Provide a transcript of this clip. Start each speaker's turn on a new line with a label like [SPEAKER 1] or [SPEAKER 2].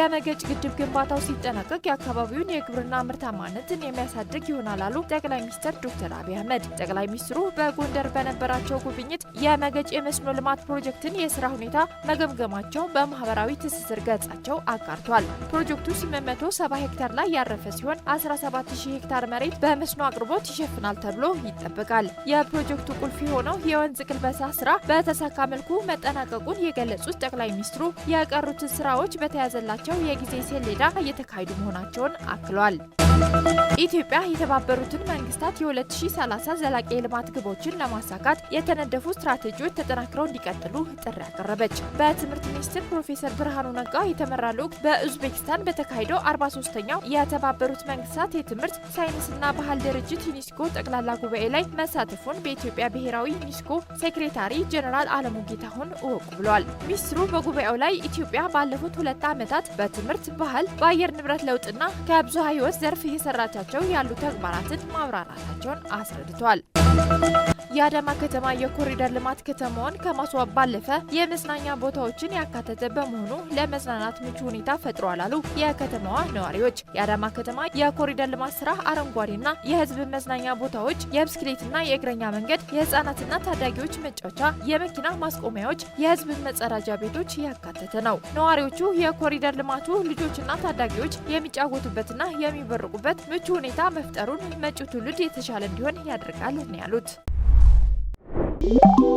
[SPEAKER 1] የመገጭ ግድብ ግንባታው ሲጠናቀቅ የአካባቢውን የግብርና ምርታማነትን የሚያሳድግ ይሆናል አሉ ጠቅላይ ሚኒስትር ዶክተር አብይ አህመድ። ጠቅላይ ሚኒስትሩ በጎንደር በነበራቸው ጉብኝት የመገጭ የመስኖ ልማት ፕሮጀክትን የስራ ሁኔታ መገምገማቸው በማህበራዊ ትስስር ገጻቸው አጋርቷል። ፕሮጀክቱ 870 ሄክታር ላይ ያረፈ ሲሆን 17000 ሄክታር መሬት በመስኖ አቅርቦት ይሸፍናል ተብሎ ይጠበቃል። የፕሮጀክቱ ቁልፍ የሆነው የወንዝ ቅልበሳ ስራ በተሳካ መልኩ መጠናቀቁን የገለጹት ጠቅላይ ሚኒስትሩ የቀሩትን ስራዎች በተያዘላቸው ባላቸው የጊዜ ሰሌዳ እየተካሄዱ መሆናቸውን አክሏል። ኢትዮጵያ የተባበሩትን መንግስታት የ2030 ዘላቂ የልማት ግቦችን ለማሳካት የተነደፉ ስትራቴጂዎች ተጠናክረው እንዲቀጥሉ ጥሪ አቀረበች። በትምህርት ሚኒስትር ፕሮፌሰር ብርሃኑ ነጋ የተመራ ልዑክ በኡዝቤኪስታን በተካሄደው 43ኛው የተባበሩት መንግስታት የትምህርት ሳይንስና ባህል ድርጅት ዩኒስኮ ጠቅላላ ጉባኤ ላይ መሳተፉን በኢትዮጵያ ብሔራዊ ዩኒስኮ ሴክሬታሪ ጀኔራል አለሙ ጌታሁን እወቁ ብለዋል። ሚኒስትሩ በጉባኤው ላይ ኢትዮጵያ ባለፉት ሁለት ዓመታት በትምህርት ባህል፣ በአየር ንብረት ለውጥና ከብዙ ሕይወት ዘርፍ እየሰራቻቸው ያሉ ተግባራትን ማብራራታቸውን አስረድቷል። የአዳማ ከተማ የኮሪደር ልማት ከተማዋን ከማስዋብ ባለፈ የመዝናኛ ቦታዎችን ያካተተ በመሆኑ ለመዝናናት ምቹ ሁኔታ ፈጥሯል አሉ የከተማዋ ነዋሪዎች። የአዳማ ከተማ የኮሪደር ልማት ስራ አረንጓዴና የህዝብ መዝናኛ ቦታዎች፣ የብስክሌትና የእግረኛ መንገድ፣ የህፃናትና ታዳጊዎች መጫወቻ፣ የመኪና ማስቆሚያዎች፣ የህዝብ መጸዳጃ ቤቶች ያካተተ ነው። ነዋሪዎቹ የኮሪደር ልማቱ ልጆችና ታዳጊዎች የሚጫወቱበትና የሚበርቁበት ምቹ ሁኔታ መፍጠሩን መጪው ትውልድ የተሻለ እንዲሆን ያደርጋል ነው ያሉት። you